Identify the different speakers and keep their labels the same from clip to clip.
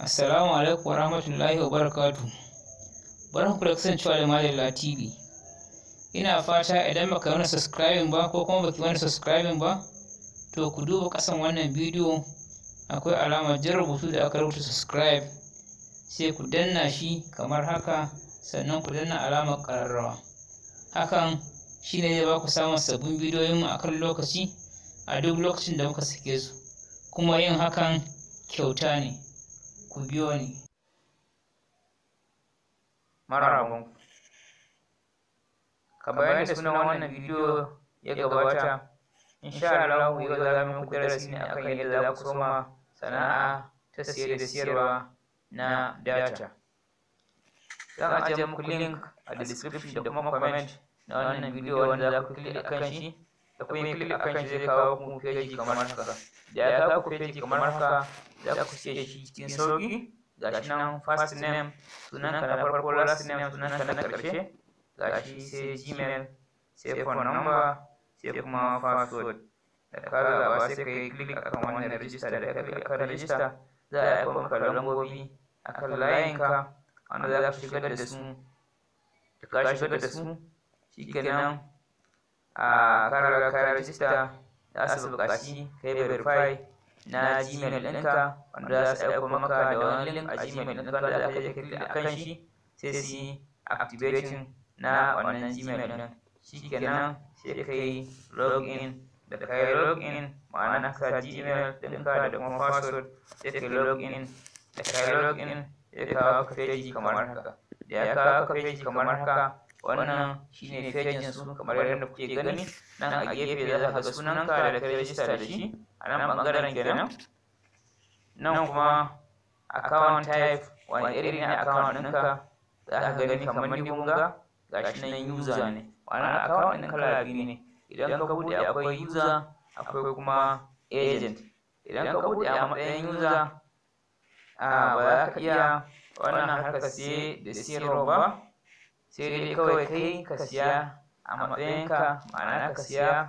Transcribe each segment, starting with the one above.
Speaker 1: Assalamu alaikum wa rahmatullahi wa barakatu. Barakun ku da kasancewa da Lati TV. Ina fata idan baka wani subscribing ba ko kuma baki wani subscribing ba, to ku duba kasan wannan bidiyo akwai alamar jan rubutu da aka rubuta subscribe sai ku danna shi kamar haka sannan ku danna alamar ƙararrawa. Hakan shi shine zai ba ku samun sabbin bidiyoyinmu kan lokaci a duk lokacin da muka sake su. Kuma yin hakan kyauta ne. ku biyo ni marabon ka bayan da sunan wannan bidiyo ya gabata insha Allah yau za mu muku darasi ne akan yadda za ku soma sana'a ta siyar da siyarwa na data
Speaker 2: zan ajiye muku link a description da kuma comment na wannan bidiyo wanda za ku click akan shi akwai mai a kan shi zai kawo ku feji kamar haka da ya kawo ku feji kamar haka
Speaker 1: za ku siya shi cikin sauƙi gashi nan first name sunanka na farko last name ka na ƙarshe gashi sai gmail sai phone number sai kuma password da ka zaba sai ka yi click akan wannan register da ka click akan register za a yi maka lambobi akan layinka wanda za ka shigar da su ka shigar da su shikenan a karar ka rajista za su buƙaci kai verify na gmail ɗinka wanda za su aiko maka da wani link a gmail ɗinka da aka yi kirki a kan shi sai su yi activating na wannan gmail ɗin shikenan sai ka yi login da ka yi login ma'ana ka gmail ɗinka da kuma password sai ka yi login da ka yi login sai ka kawo ka kamar haka da ya kawo ka kamar haka wannan shine fejin su kamar yadda kuke gani nan a gefe za ka ga sunan ka da kai rajista da shi a nan bangaren kenan nan kuma account type wani irin ne account ɗinka za ka gani kamar ni kun ga gashi nan user ne wannan account ɗin kala biyu ne idan ka bude akwai user akwai kuma agent idan ka bude a matsayin user a ba za ka iya wannan harkar siye da siyarwa ba sai dai kawai kai ka siya a matsayinka ma'ana ka siya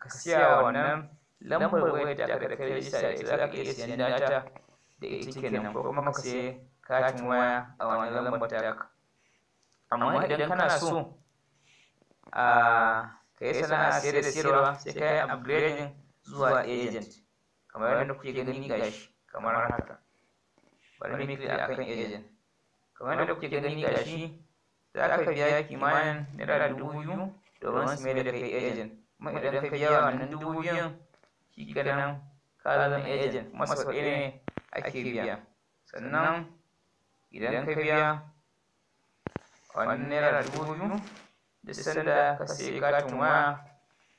Speaker 1: ka siya wannan lambar wayar da aka da kai lista da ita za ka iya siyan data da ita kenan ko kuma ka siya katin waya a wannan lambar ta ka amma idan kana so a ka yi sana'a sayar da siyarwa sai ka yi upgrading zuwa agent kamar yadda kuke gani gashi kamar haka bari mu yi akan agent kamar da kuke gani shi za ka biya kimanin naira dubu biyu domin su mai da kai ejin kuma idan ka biya wannan dubu biyun shi kenan ka zama ejin kuma sau ɗaya ne ake biya sannan idan ka biya wannan naira dubu biyu da sanda ka sai katin waya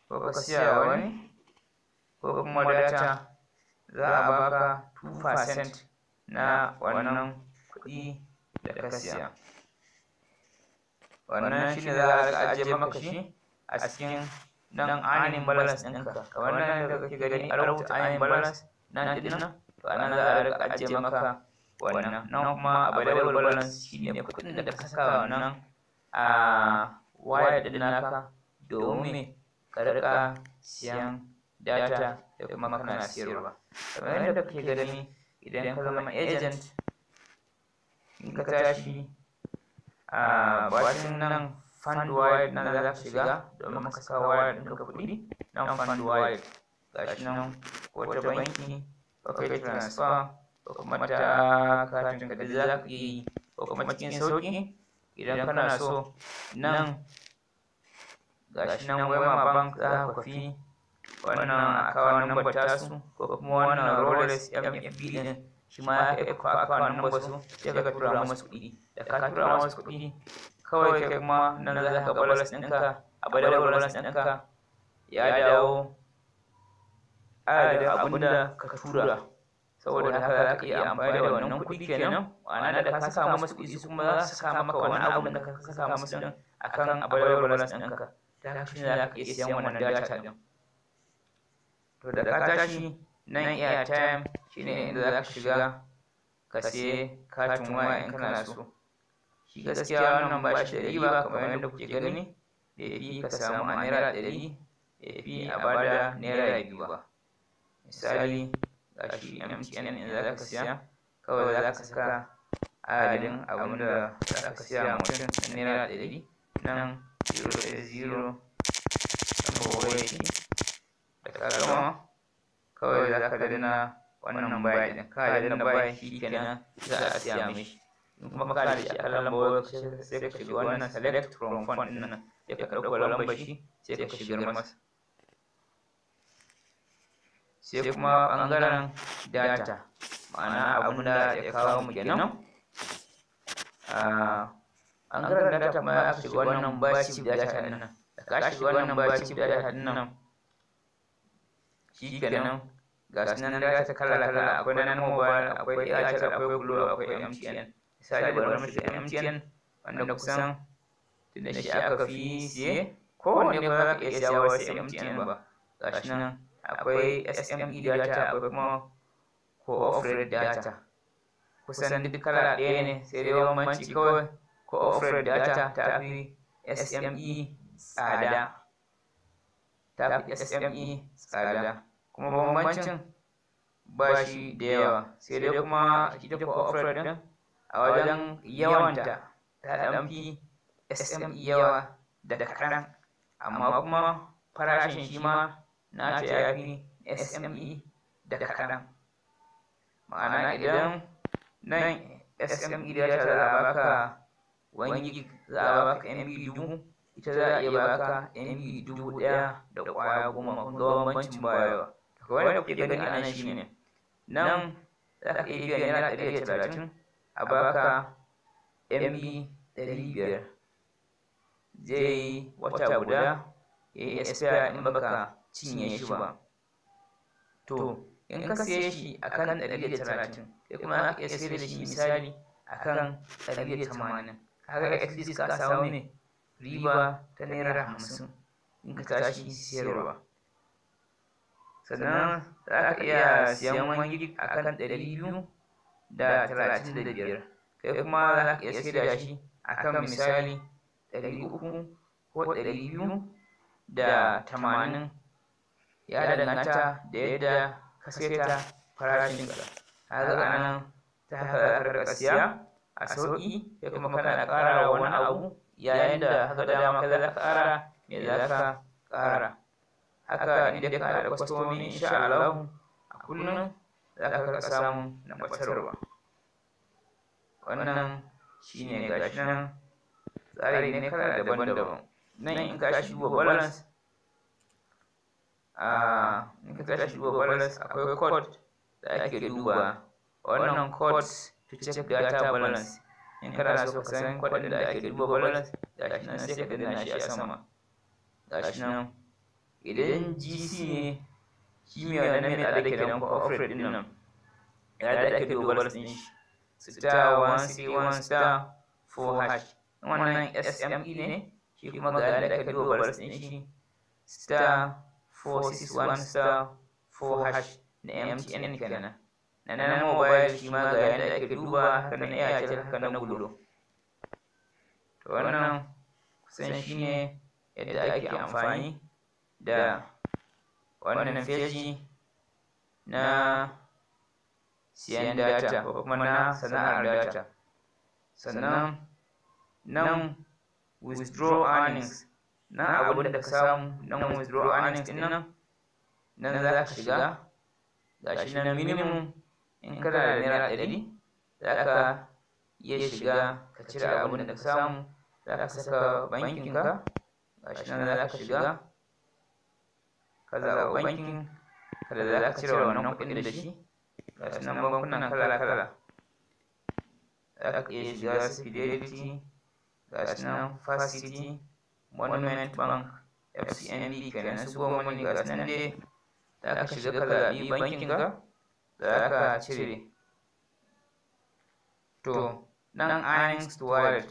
Speaker 1: ko ka siya wani ko kuma data za a baka 2% na wannan kuɗi wannan shi ne za a ajiye maka shi a cikin nan anin balance ɗinka kamar nan da kake gani a rubuta anin balance nan ɗin nan to a nan za a rika ajiye maka wannan nan kuma a available balas shi ne kuɗin da ka saka wannan a waya ɗin naka domin ka rika siyan data da kuma kana siyarwa kamar yadda kake gani idan ka zama agent in ka tashi a ah, bacin nan fund wire nan za ka shiga domin ka sa wire ɗin ka kuɗi nan fund wire gashi nan wata banki ba kai transfer ko kuma ta katin ka da za ka yi ko kuma cikin sauki idan kana so nan gashi nan wema bank za ka kwafi wannan akawun number tasu ko kuma wannan rolex mfb din shi ma ya kai kwa kwa nan basu ya ka tura masu kuɗi da ka tura masu kuɗi kawai kai kuma nan za ka balas ɗinka a badar balas ɗinka
Speaker 2: ya dawo adadin da abunda ka tura saboda haka za ka iya amfani da wannan kuɗi kenan ma'ana da ka saka masu kuɗi su kuma za su saka maka wani abu, da ka saka masu ɗin
Speaker 1: akan abar balas ɗinka ta shi ne za ka iya siyan wannan data ɗin to da ka tashi nan airtime ne inda za ka shiga
Speaker 2: ka siye katin waya in kana so
Speaker 1: shi gaskiya wannan ba shi da ba, kamar yadda kuke gani da ya fi ka samu a naira ɗari da ya fi a bada naira biyu ba misali ga shi mtn in za ka siya kawai za ka saka adadin abin da za ka siya mutum na naira ɗari nan 0.0 ɗan bawa da ka gama
Speaker 2: kawai za ka wannan bayan ɗin ka bayan shi kenan
Speaker 1: za a siya mishi kuma ka da shi a kan lambar sai ka shiga wannan select from font ɗin nan sai ka ɗauko lambar shi sai ka shiga masa sai kuma ɓangaren data ma'ana abin da ya kawo mu kenan ah, ɓangaren data ma ya shiga wannan bashi data ɗin nan da ka shiga wannan bashi data ɗin nan shi kenan ga su nan ta kala kala akwai na mobile akwai airtel akwai glo akwai mtn misali bari mu shiga mtn wanda kusan tunda shi aka fi siye kowanne ba za ka iya jawo wasu mtn ba ga shi nan akwai sme data akwai kuma ko offered data
Speaker 2: kusan duk kala ɗaya ne sai dai bambanci kawai ko offered data ta
Speaker 1: fi sme tsada ta fi SME tsada kuma bambancin ba shi da yawa sai dai kuma ita cooperative din a wajen yawanta ta ɗan fi SME yawa da kaɗan amma kuma farashin shi ma na ta ya fi SME da kaɗan ma'ana idan nan SME da ta za a baka 1 gig za a baka MB dubu ita za a iya baka MB dubu ɗaya da ƙwaya goma Kuma ga bambancin bayarwa kawai da kuke gani a nan shi ne nan za ka iya biyan naira ɗari da talatin a baka MB ɗari biyar zai yi wata guda ya yi expire in baka cinye shi ba to in ka siye shi a kan ɗari da talatin sai kuma aka iya sayar da shi misali a kan ɗari da tamanin kaga xd ka samu ne riba ta naira hamsin in ka tashi siyarwa sannan za ka iya siyan wani gig a kan ɗari biyu da talatin da biyar kai kuma za ka iya da shi a kan misali ɗari uku ko ɗari biyu da tamanin
Speaker 2: ya danganta da yadda
Speaker 1: ka saita farashin ka a nan ta haka ƙarƙasiya a sauƙi kai kuma kana ƙara wani abu yayin da haka dama kaza ka ƙara me za ka ƙara haka inda ka da kwastomi insha Allah a kullun za ka samu na batarwa wannan shine gashi nan tsari ne kala daban-daban nan in ka shi wa balance in ka tashi wa balance akwai code da ake duba wannan code to check data balance in kana so ka san da ake duba balance gashi nan sai ka danna shi a sama gashi nan idan gc ne kimiyya na mai da ke nan corporate din nan ya da ake duba balance din shi star one c 1 star 4 hash wannan sme e ne shi kuma ga da ake duba balance din shi star one star four hash na mtn kenan na na mobile shi ma ga yadda ake duba haka na ce haka na gudu, to wannan kusan shi ne yadda ake amfani da wannan feji na siyan data ko kuma na sana'ar data sannan nan withdraw earnings nan abin da ka samu nan withdraw earnings din nan nan za ka shiga shi nan minimum in kana da naira ɗari za ka iya shiga ka cire abin da ka samu za ka saka bankinka gashi nan za ka shiga ka zaɓa bankin kada za ka cire wannan kuɗin da shi gashi nan bankunan kala kala za ka iya shiga fidelity gashi nan facility monument bank fcmb kenan su goma ne gashi nan dai za ka shiga ka zaɓi bankinka da aka cire to nan earnings to wallet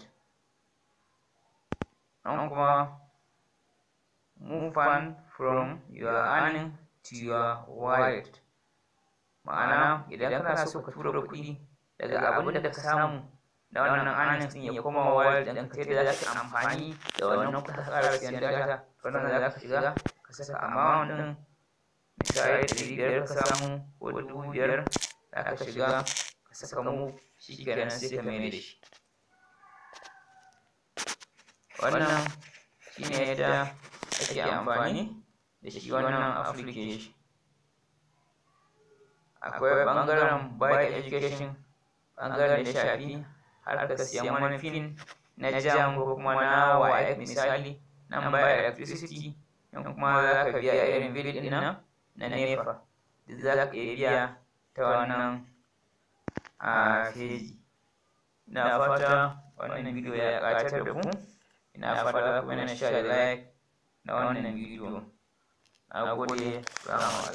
Speaker 1: nan kuma move on from your earning to your wallet ma'ana idan kana so ka tura kuɗi daga abin da ka samu da wannan earnings ɗin ya koma wallet ɗin ka yadda za ka amfani da wannan kuɗin ka ƙara siyan data wannan za ka shiga ka saka amount ɗin misali ɗari biyar ka samu ko dubu biyar da aka shiga ka saka mu shi kenan sai ka mai da shi wannan shi ne yadda ake amfani da shi wannan application akwai bangaren buy education bangaren da shafi har harkar siyan manufin na jam ko kuma na waec misali nan buy electricity in kuma za ka biya irin bill ɗin nan na nefa da za ka iya ta wannan a feji na fata wannan bidiyo ya kacar da ku ina fata ku na sha da like na wannan bidiyo na gode salamu